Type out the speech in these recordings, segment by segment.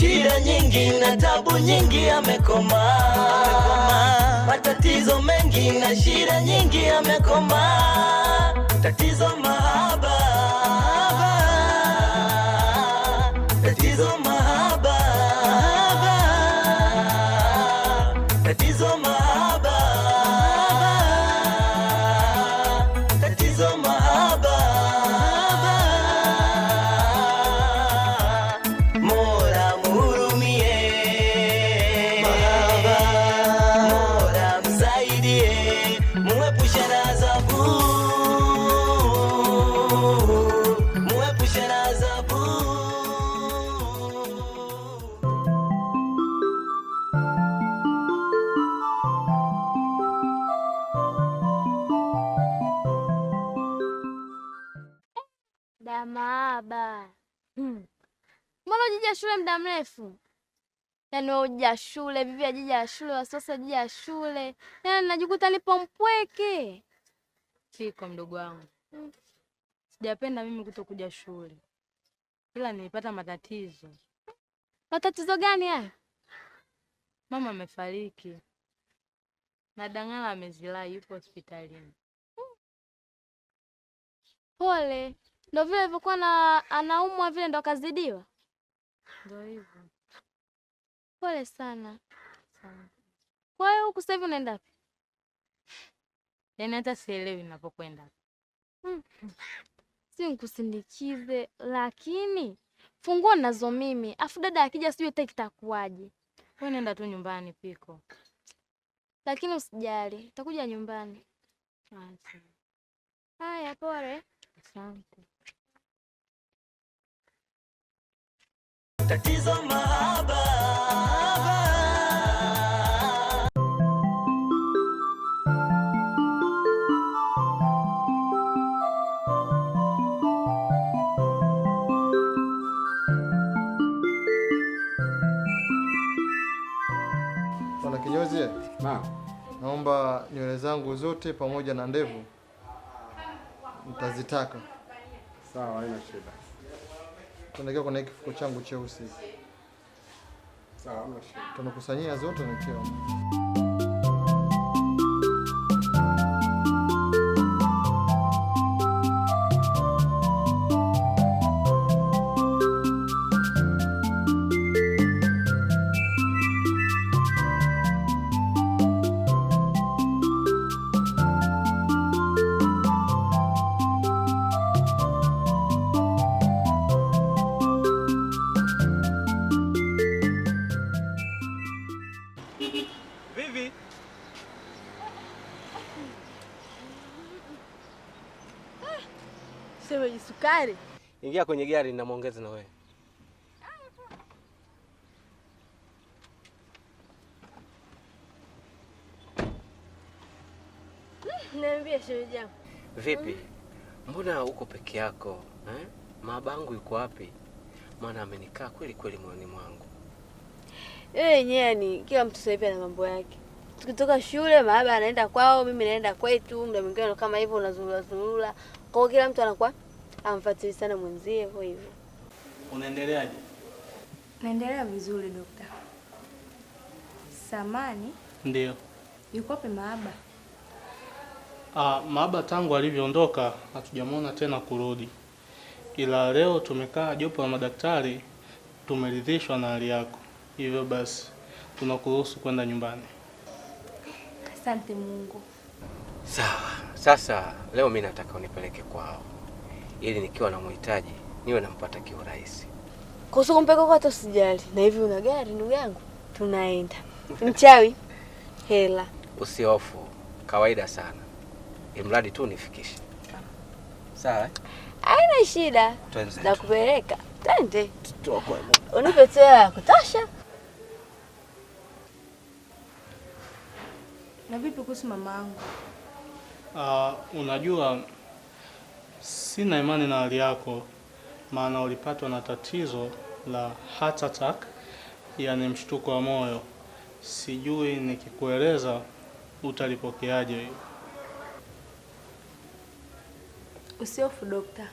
shida nyingi na tabu nyingi, amekoma matatizo mengi na shida nyingi, amekoma tatizo mahaba shule muda mrefu, yaani wewe uja shule vivi ajija ya shule wasosa ajija ya shule, yaani najikuta nipo mpweke. Kiko mdogo wangu, sijapenda mimi kutokuja shule, ila nilipata matatizo. Matatizo gani haya? Mama amefariki na Dangala amezilaa, yupo hospitalini. Pole. Ndo vile ilivyokuwa na anaumwa vile, ndo akazidiwa. Ndio hivyo. Pole sana. Kwa hiyo huku sasa hivi unaenda wapi? Yaani hata sielewi ninapokwenda. Mm. Si nikusindikize lakini funguo nazo mimi. Afu dada akija sijui hata kitakuwaje. Wewe nenda tu nyumbani piko. Lakini usijali, nitakuja nyumbani. Haya, pole. Asante. tatizo mahaba. kinyozi, naomba nywele zangu zote pamoja na ndevu mtazitaka. Sawa, haina shida tunaelekea kwenye kifuko changu cheusi. Sawa, tunakusanyia zote na Ingia kwenye gari na ninamwongeza na wewe. Niambie shemeji yangu. Vipi? Mbona uko peke yako eh? Mabangu yuko wapi? Maana amenikaa kweli kweli moyoni mwangu. Yeye yenyewe yani kila mtu sasa hivi ana mambo yake. Tukitoka shule mahaba anaenda kwao, mimi naenda kwetu, muda mwingine kama hivyo unazurura zurura. Kwa hiyo kila mtu anakuwa amfatili sana mwenzie hivyo hivyo. Unaendeleaje? Naendelea vizuri dokta. Samani ndio yuko wapi Maaba? Ah, Maaba tangu alivyoondoka hatujamwona tena kurudi, ila leo tumekaa jopo la madaktari tumeridhishwa na hali yako, hivyo basi tunakuruhusu kwenda nyumbani. Asante Mungu. Sawa, sasa leo mimi nataka unipeleke kwao ili nikiwa namhitaji niwe nampata kiurahisi. Kuhusu kumpeka kwako sijali, na hivi una gari ndugu yangu? Tunaenda mchawi hela, usihofu, kawaida sana, imradi tu nifikishi Sawa, eh? haina shida, nakupeleka. Twende, unipe ya kutosha. Na vipi kuhusu mama yangu? Uh, unajua Sina imani na hali yako, maana ulipatwa na tatizo la heart attack, yani mshtuko wa moyo. Sijui nikikueleza utalipokeaje hiyo. Usiofu dokta,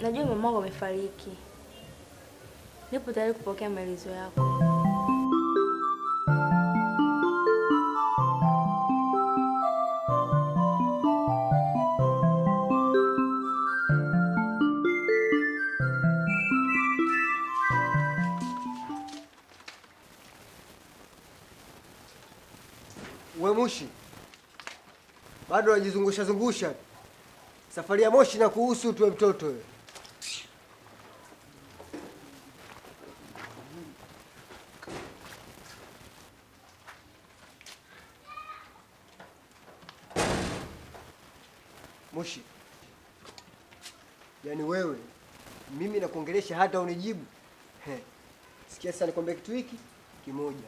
najua wako amefariki. Nipo tayari kupokea maelezo yako. We Mushi, bado unajizungusha zungusha. Safari ya Moshi na kuhusu tuwe mtoto we. Mushi, yaani wewe mimi nakuongelesha hata unijibu. Sikia sasa, nikwambia kitu hiki kimoja,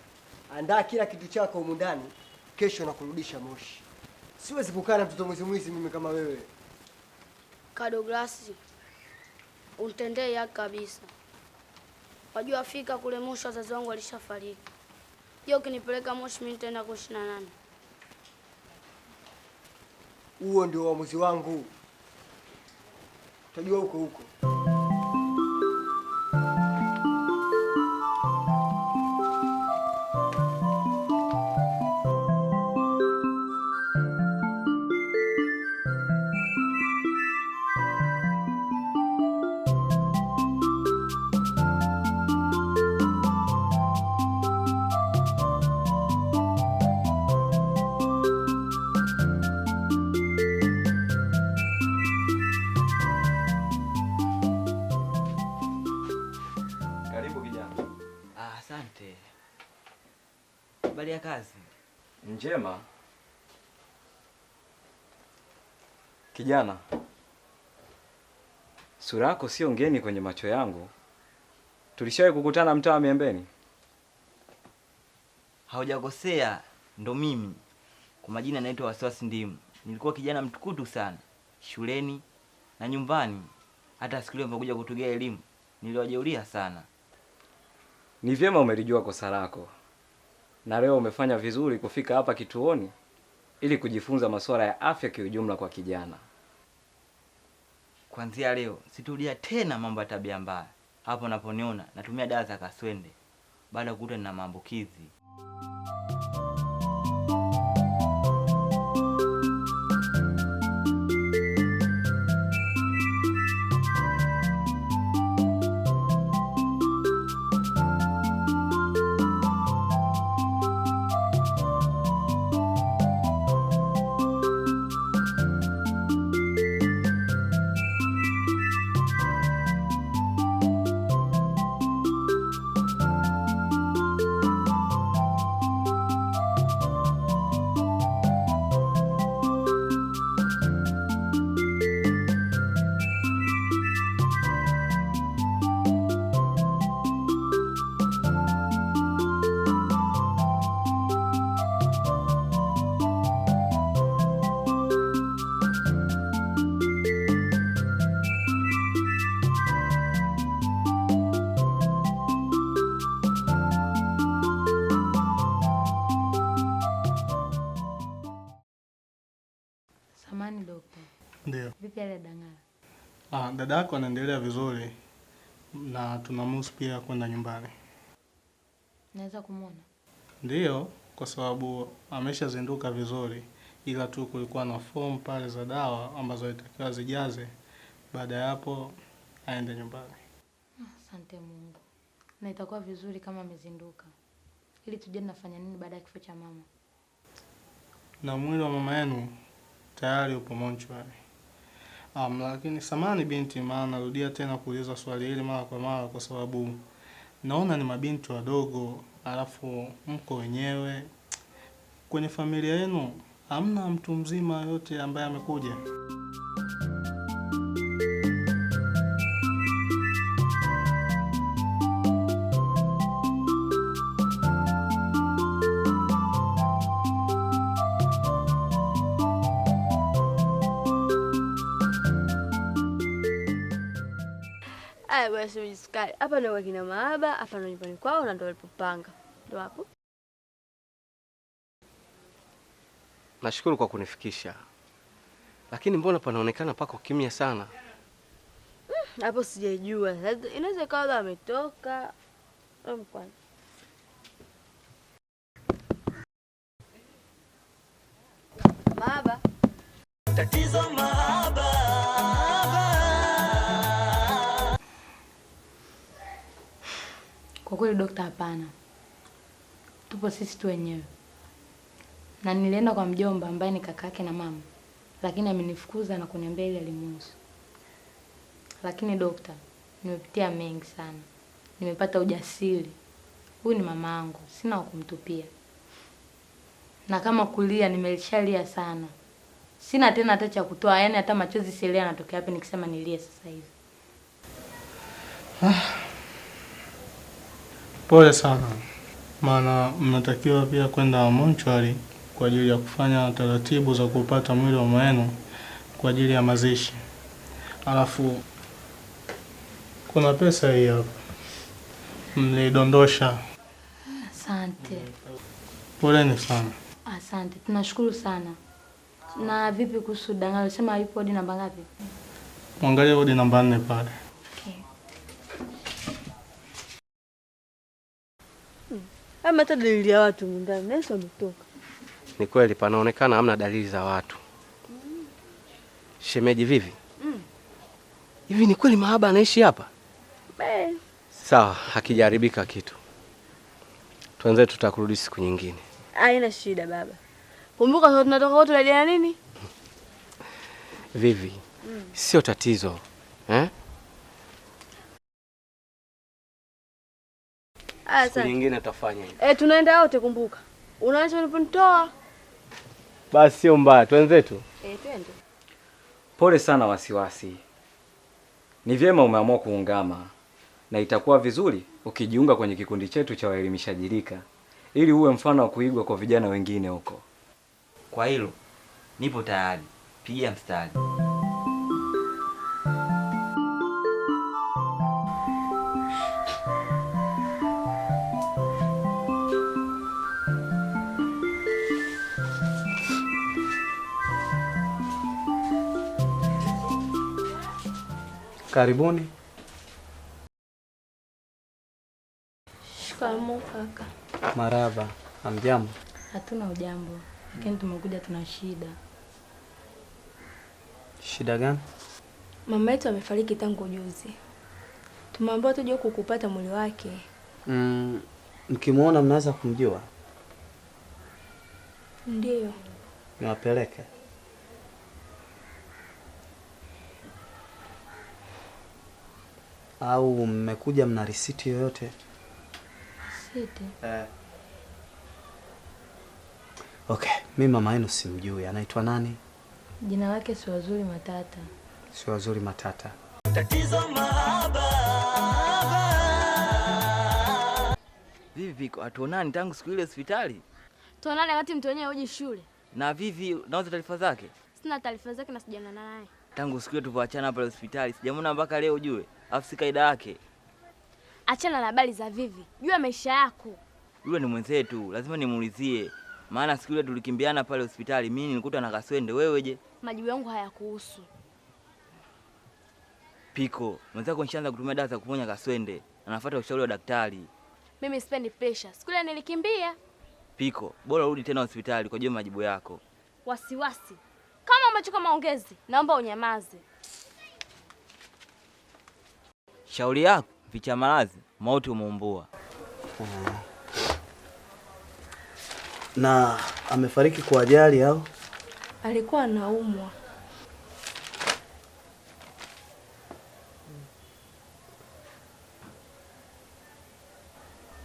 andaa kila kitu chako humu ndani kesho na kurudisha Moshi. Siwezi kukaa na mtoto mwizi mwizi mimi kama wewe. Kadoglasi, untendee ya kabisa. Wajua fika kule Moshi wazazi wangu walishafariki. Hiyo ukinipeleka Moshi mimi nitaenda kuishi na nani? Huo ndio uamuzi wangu. Utajua huko huko. Habari kazi? Njema. Kijana, sura yako sio ngeni kwenye macho yangu. Tulishawahi kukutana mtaa wa Miembeni. Haujakosea, ndo mimi. Kwa majina naitwa Wasiwasi Ndimu. Nilikuwa kijana mtukutu sana shuleni na nyumbani. Hata siku ile nilipokuja kutugea elimu niliwajeulia sana. Ni vyema umelijua kosa lako na leo umefanya vizuri kufika hapa kituoni ili kujifunza masuala ya afya kiujumla kwa kijana. Kuanzia leo situdia tena mambo ya tabia mbaya. Hapo naponiona natumia dawa za kaswende, baada ya kukuta nina maambukizi. Samani dokta. Ndio. Vipi yale Dang'ala? Ah, dada yako anaendelea vizuri na tunamuhusu pia kwenda nyumbani. Naweza kumwona? Ndiyo, kwa sababu ameshazinduka vizuri, ila tu kulikuwa na fomu pale za dawa ambazo alitakiwa zijaze. Baada ya hapo aende nyumbani. Ah, asante Mungu, na itakuwa vizuri kama amezinduka, ili tujue nafanya nini baada ya kifo cha mama na mwili wa mama yenu tayari upo monchwari. Um, lakini samani binti, maana narudia tena kuuliza swali hili mara kwa mara, kwa sababu naona ni mabinti wadogo, alafu mko wenyewe kwenye familia yenu, hamna mtu mzima yote ambaye amekuja hapa ndio wakina kina Mahaba, hapa ndio nyumbani kwao na ndio walipopanga. Ndio hapo. Nashukuru kwa kunifikisha, lakini mbona panaonekana pako kimya sana mm, hapo? Mm, sijajua, inaweza ikawa wametoka mkwani. Mahaba, tatizo Kwa kweli dokta, hapana, tupo sisi tu wenyewe. Na nilienda kwa mjomba ambaye ni kakake na mama, lakini amenifukuza na kuniambia ile alimuhusu. Lakini dokta, nimepitia mengi sana, nimepata ujasiri. Huyu ni mama yangu, sina wa kumtupia, na kama kulia nimelishalia sana, sina tena hata cha kutoa, Yani hata machozi sielewi yanatokea wapi nikisema nilie sasa hivi. Ah, Pole sana, maana mnatakiwa pia kwenda monchwari kwa ajili ya kufanya taratibu za kupata mwili wa Maenu kwa ajili ya mazishi. Alafu kuna pesa hii hapa mlidondosha. Asante. Poleni sana. Asante, tunashukuru sana. Na vipi kuhusu dangalo, sema ipo hadi namba ngapi? Mwangalie hadi namba nne pale. ama hata dalili ya watu ndani. Yesu ametoka. Ni kweli panaonekana hamna dalili za watu. Mm. Shemeji vivi? Mm. Hivi ni kweli mahaba anaishi hapa? Eh. Sawa, hakijaribika kitu. Tuanze, tutakurudi siku nyingine. Haina shida baba. Kumbuka tunatoka wote tunajana nini? Vivi. Mm. Sio tatizo. Ah, siku nyingine tutafanya hivi. Eh, tunaenda wote kumbuka. Unaacha uliponitoa. Basi sio mbaya, twenzetu. Eh, twende. Pole sana wasiwasi. Ni vyema umeamua kuungama na itakuwa vizuri ukijiunga kwenye kikundi chetu cha waelimishaji rika ili uwe mfano wa kuigwa kwa vijana wengine huko. Kwa hilo nipo tayari. piga mstari. Karibuni. Shikamoo kaka. Maraba. Hamjambo? Hatuna ujambo, lakini tumekuja, tuna shida. Shida gani? Mama yetu amefariki tangu juzi, tumeambiwa tuje kupata mwili wake. Mm, mkimwona mnaweza kumjua? Ndiyo, niwapeleke au mmekuja mna risiti yoyote? Eh. Okay, mi mama yenu simjui, anaitwa nani? Jina lake si wazuri Matata. Si wazuri Matata. Tatizo mahaba. Vivi, hatuonani tangu siku ile hospitali. Tuonane wakati mtu wenyewe uje shule. Na Vivi, unaoza taarifa zake? Sina taarifa zake na sijana naye. Tangu siku ile tulipoachana pale hospitali, sijamuona mpaka leo ujue. Afsi kaida yake. Achana na habari za Vivi, jua maisha yako. Yule ni mwenzetu, lazima nimuulizie, maana siku ile tulikimbiana pale hospitali, mimi nilikuta na kaswende. Wewe je? Majibu yangu hayakuhusu Piko. Mwenzako nishaanza kutumia dawa za kuponya kaswende, anafuata ushauri wa daktari. Mimi sipendi pressure, siku ile nilikimbia. Piko, bora urudi tena hospitali kwa ajili majibu yako. Wasiwasi wasi. Kama umechoka maongezi, naomba unyamaze shauri yako, ficha maradhi, mauti umeumbua. Na amefariki kwa ajali au alikuwa anaumwa?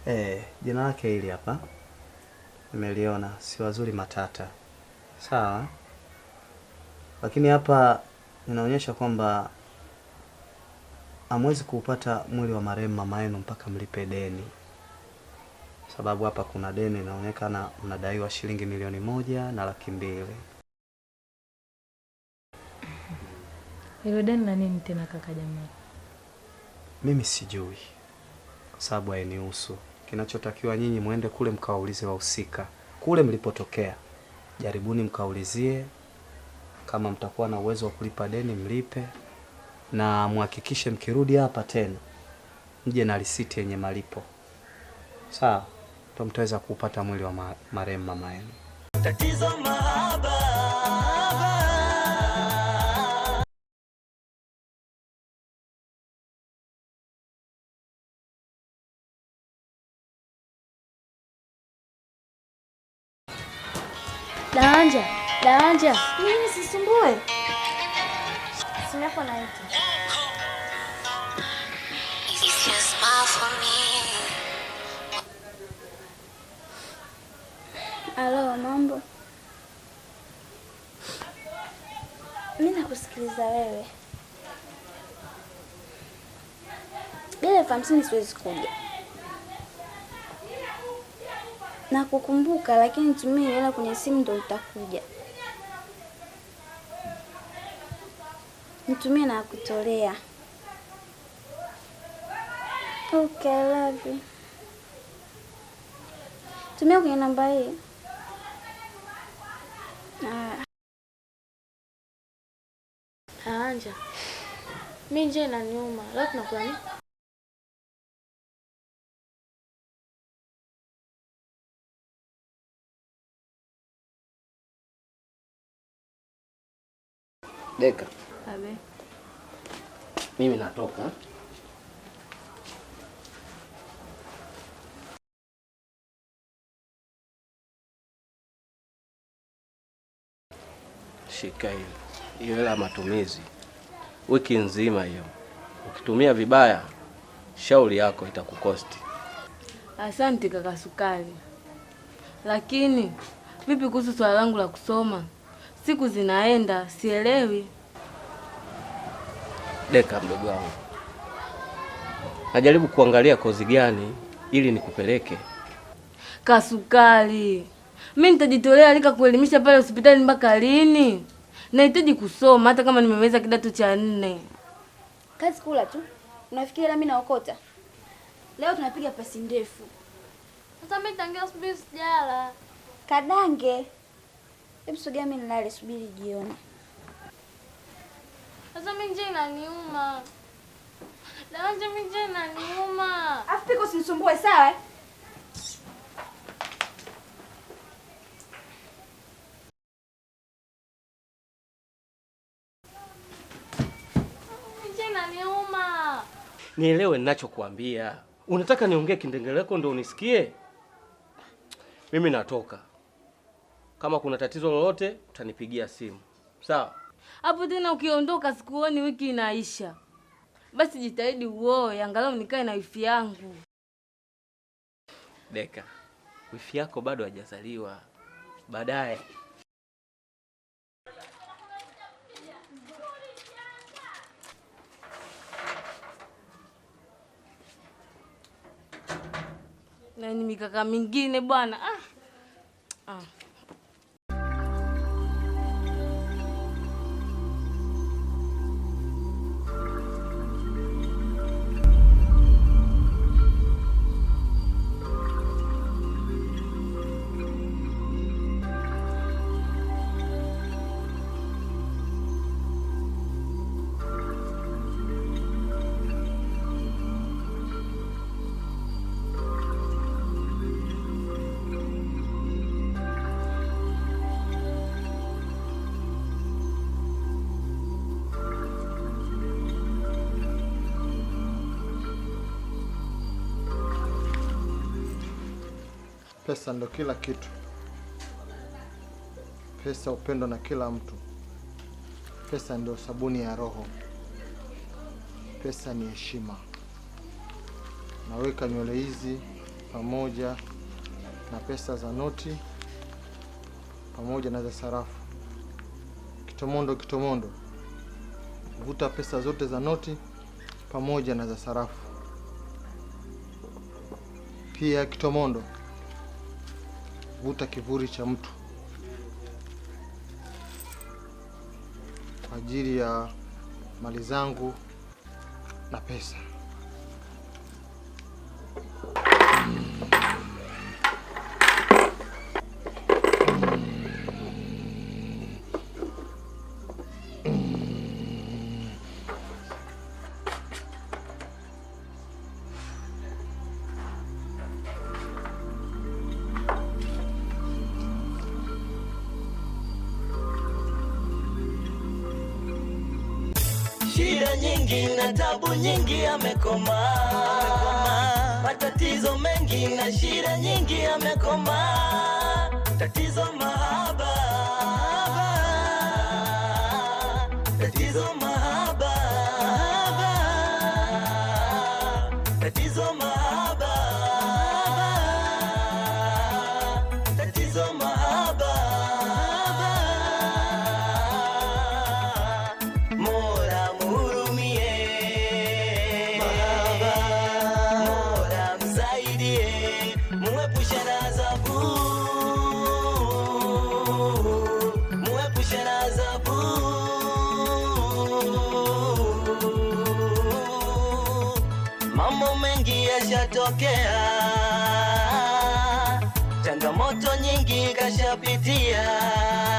Eh, jina lake hili hapa nimeliona, si wazuri matata, sawa, lakini hapa inaonyesha kwamba hamwezi kuupata mwili wa marehemu mama yenu mpaka mlipe deni, sababu hapa kuna deni inaonekana mnadaiwa shilingi milioni moja na laki mbili. Hilo deni la nini tena kaka? Jamani, mimi sijui kwa sababu hainihusu. Kinachotakiwa nyinyi mwende kule mkawaulize wahusika kule mlipotokea, jaribuni mkaulizie, kama mtakuwa na uwezo wa kulipa deni mlipe, na muhakikishe mkirudi hapa tena mje na risiti yenye malipo sawa, ndio mtaweza kuupata mwili wa marehemu mama yenu. Tatizo mahaba Dawanja, Dawanja, nini sisumbue nako naita Alo, mambo. mi nakusikiliza wewe. Bila elfu hamsini siwezi kuja na kukumbuka, lakini tumia hela kwenye simu ndo utakuja. Nitumie na kutolea. Okay, I love you. Tumia kwenye namba hii. Ah. Anja. Mimi nje na nyuma. lau tunakuwa nini? Deka mimi natoka. Shika hiyo hiyo hela matumizi, wiki nzima hiyo. Ukitumia vibaya, shauri yako itakukosti. Asante kaka Sukari, lakini vipi kuhusu swala langu la kusoma? Siku zinaenda, sielewi. Deka mdogo wangu, najaribu kuangalia kozi gani ili nikupeleke. Kasukari, mi nitajitolea lika kuelimisha pale hospitali. Mpaka lini? Nahitaji kusoma hata kama nimemaliza kidato cha nne. Kazi kula tu, unafikiri mimi naokota? Leo tunapiga pasi ndefu. Sasa mimi tangia subiri sijala. Kadange, hebu sogea, mimi nilale, subiri jioni. Sasa mimi njia inaniuma. Dawanja mimi inaniuma. usinisumbue sawa? Eh? Nielewe ninachokuambia. Unataka niongee kindengeleko ndio unisikie? Mimi natoka. Kama kuna tatizo lolote utanipigia simu. Sawa? hapo tena ukiondoka sikuoni, wiki inaisha. Basi jitahidi uoe angalau nikae na wifi yangu. Deka, wifi yako bado hajazaliwa, baadaye nani mikaka mingine bwana. Ah. Ah. Pesa ndo kila kitu, pesa upendo na kila mtu, pesa ndio sabuni ya roho, pesa ni heshima. Naweka nywele hizi pamoja na pesa za noti pamoja na za sarafu. Kitomondo, kitomondo, vuta pesa zote za noti pamoja na za sarafu pia, kitomondo vuta kivuli cha mtu kwa ajili ya mali zangu na pesa. nyingi na tabu nyingi, amekoma matatizo mengi na shida nyingi, amekoma tatizo mahali kutokea, changamoto nyingi kashapitia.